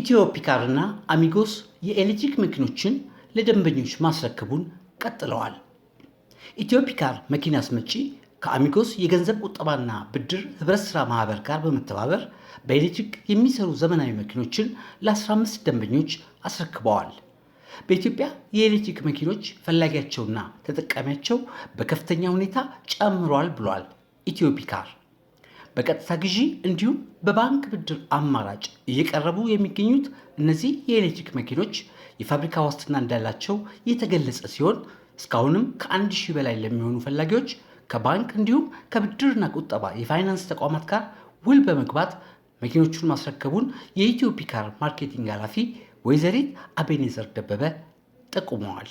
ኢትዮፒካርና አሚጎስ የኤሌክትሪክ መኪኖችን ለደንበኞች ማስረከቡን ቀጥለዋል። ኢትዮፒካር መኪና አስመጪ ከአሚጎስ የገንዘብ ቁጠባና ብድር ህብረት ሥራ ማህበር ጋር በመተባበር በኤሌክትሪክ የሚሰሩ ዘመናዊ መኪኖችን ለ15 ደንበኞች አስረክበዋል። በኢትዮጵያ የኤሌክትሪክ መኪኖች ፈላጊያቸውና ተጠቃሚያቸው በከፍተኛ ሁኔታ ጨምሯል ብሏል ኢትዮፒካር። በቀጥታ ግዢ እንዲሁም በባንክ ብድር አማራጭ እየቀረቡ የሚገኙት እነዚህ የኤሌክትሪክ መኪኖች የፋብሪካ ዋስትና እንዳላቸው የተገለጸ ሲሆን እስካሁንም ከአንድ ሺህ በላይ ለሚሆኑ ፈላጊዎች ከባንክ እንዲሁም ከብድርና ቁጠባ የፋይናንስ ተቋማት ጋር ውል በመግባት መኪኖቹን ማስረከቡን የኢትዮፒካር ማርኬቲንግ ኃላፊ ወይዘሪት አቤኔዘር ደበበ ጠቁመዋል።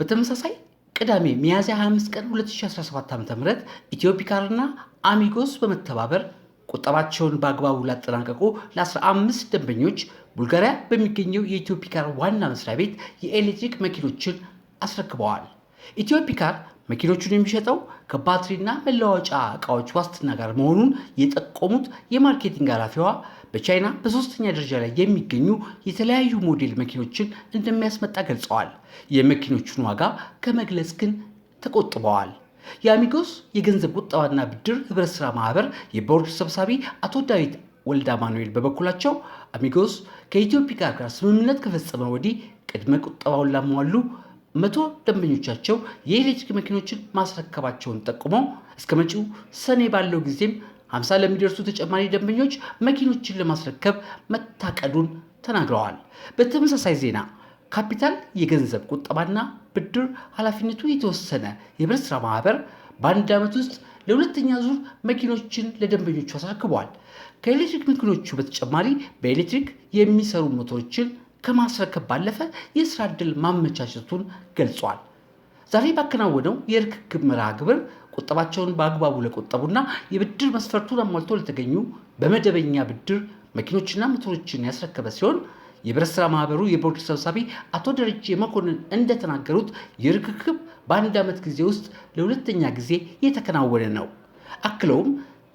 በተመሳሳይ ቅዳሜ ሚያዝያ 25 ቀን 2017 ዓ.ም ኢትዮፒካርና አሚጎስ በመተባበር ቁጠባቸውን በአግባቡ ላጠናቀቁ ለ15 ደንበኞች ቡልጋሪያ በሚገኘው የኢትዮፒካር ዋና መስሪያ ቤት የኤሌክትሪክ መኪኖችን አስረክበዋል። ኢትዮፒካር መኪኖቹን የሚሸጠው ከባትሪና መለዋወጫ እቃዎች ዋስትና ጋር መሆኑን የጠቆሙት የማርኬቲንግ ኃላፊዋ በቻይና በሶስተኛ ደረጃ ላይ የሚገኙ የተለያዩ ሞዴል መኪኖችን እንደሚያስመጣ ገልጸዋል። የመኪኖቹን ዋጋ ከመግለጽ ግን ተቆጥበዋል። የአሚጎስ የገንዘብ ቁጠባና ብድር ህብረት ስራ ማህበር የቦርድ ሰብሳቢ አቶ ዳዊት ወልዳ ማኑኤል በበኩላቸው አሚጎስ ከኢትዮጵያ ጋር ስምምነት ከፈጸመ ወዲህ ቅድመ ቁጠባውን ላሟሉ መቶ ደንበኞቻቸው የኤሌክትሪክ መኪኖችን ማስረከባቸውን ጠቁመው እስከ መጪው ሰኔ ባለው ጊዜም 50 ለሚደርሱ ተጨማሪ ደንበኞች መኪኖችን ለማስረከብ መታቀዱን ተናግረዋል። በተመሳሳይ ዜና ካፒታል የገንዘብ ቁጠባና ብድር ኃላፊነቱ የተወሰነ የህብረት ሥራ ማህበር በአንድ ዓመት ውስጥ ለሁለተኛ ዙር መኪኖችን ለደንበኞቹ አስረክበዋል። ከኤሌክትሪክ መኪኖቹ በተጨማሪ በኤሌክትሪክ የሚሰሩ ሞተሮችን ከማስረከብ ባለፈ የስራ ዕድል ማመቻቸቱን ገልጿል። ዛሬ ባከናወነው የርክክብ መርሃ ግብር ቁጠባቸውን በአግባቡ ለቆጠቡና የብድር መስፈርቱን አሟልቶ ለተገኙ በመደበኛ ብድር መኪኖችና ሞተሮችን ያስረከበ ሲሆን የህብረት ስራ ማህበሩ የቦርድ ሰብሳቢ አቶ ደረጀ መኮንን እንደተናገሩት የርክክብ በአንድ ዓመት ጊዜ ውስጥ ለሁለተኛ ጊዜ የተከናወነ ነው። አክለውም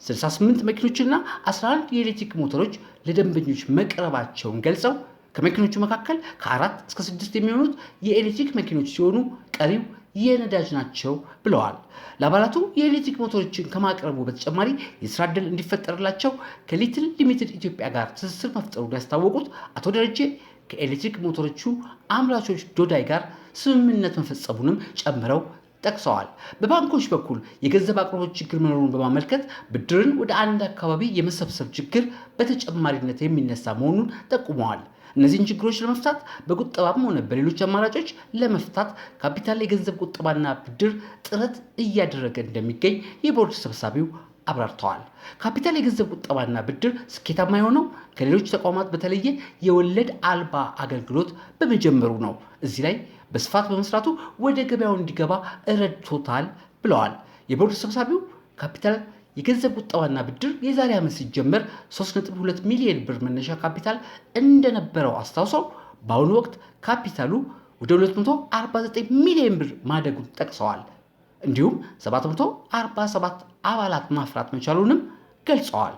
68 መኪኖችና 11 የኤሌክትሪክ ሞተሮች ለደንበኞች መቅረባቸውን ገልጸው ከመኪኖቹ መካከል ከአራት እስከ ስድስት የሚሆኑት የኤሌክትሪክ መኪኖች ሲሆኑ ቀሪው የነዳጅ ናቸው ብለዋል። ለአባላቱ የኤሌክትሪክ ሞተሮችን ከማቅረቡ በተጨማሪ የስራ እድል እንዲፈጠርላቸው ከሊትል ሊሚትድ ኢትዮጵያ ጋር ትስስር መፍጠሩን ያስታወቁት አቶ ደረጀ ከኤሌክትሪክ ሞተሮቹ አምራቾች ዶዳይ ጋር ስምምነት መፈጸሙንም ጨምረው ጠቅሰዋል። በባንኮች በኩል የገንዘብ አቅርቦት ችግር መኖሩን በማመልከት ብድርን ወደ አንድ አካባቢ የመሰብሰብ ችግር በተጨማሪነት የሚነሳ መሆኑን ጠቁመዋል። እነዚህን ችግሮች ለመፍታት በቁጠባም ሆነ በሌሎች አማራጮች ለመፍታት ካፒታል የገንዘብ ቁጠባና ብድር ጥረት እያደረገ እንደሚገኝ የቦርድ ሰብሳቢው አብራርተዋል። ካፒታል የገንዘብ ቁጠባና ብድር ስኬታማ የሆነው ከሌሎች ተቋማት በተለየ የወለድ አልባ አገልግሎት በመጀመሩ ነው። እዚህ ላይ በስፋት በመስራቱ ወደ ገበያው እንዲገባ ረድቶታል ብለዋል። የቦርድ ሰብሳቢው ካፒታል የገንዘብ ቁጠባና ብድር የዛሬ ዓመት ሲጀመር 3.2 ሚሊዮን ብር መነሻ ካፒታል እንደነበረው አስታውሰው በአሁኑ ወቅት ካፒታሉ ወደ 249 ሚሊዮን ብር ማደጉን ጠቅሰዋል። እንዲሁም 747 አባላት ማፍራት መቻሉንም ገልጸዋል።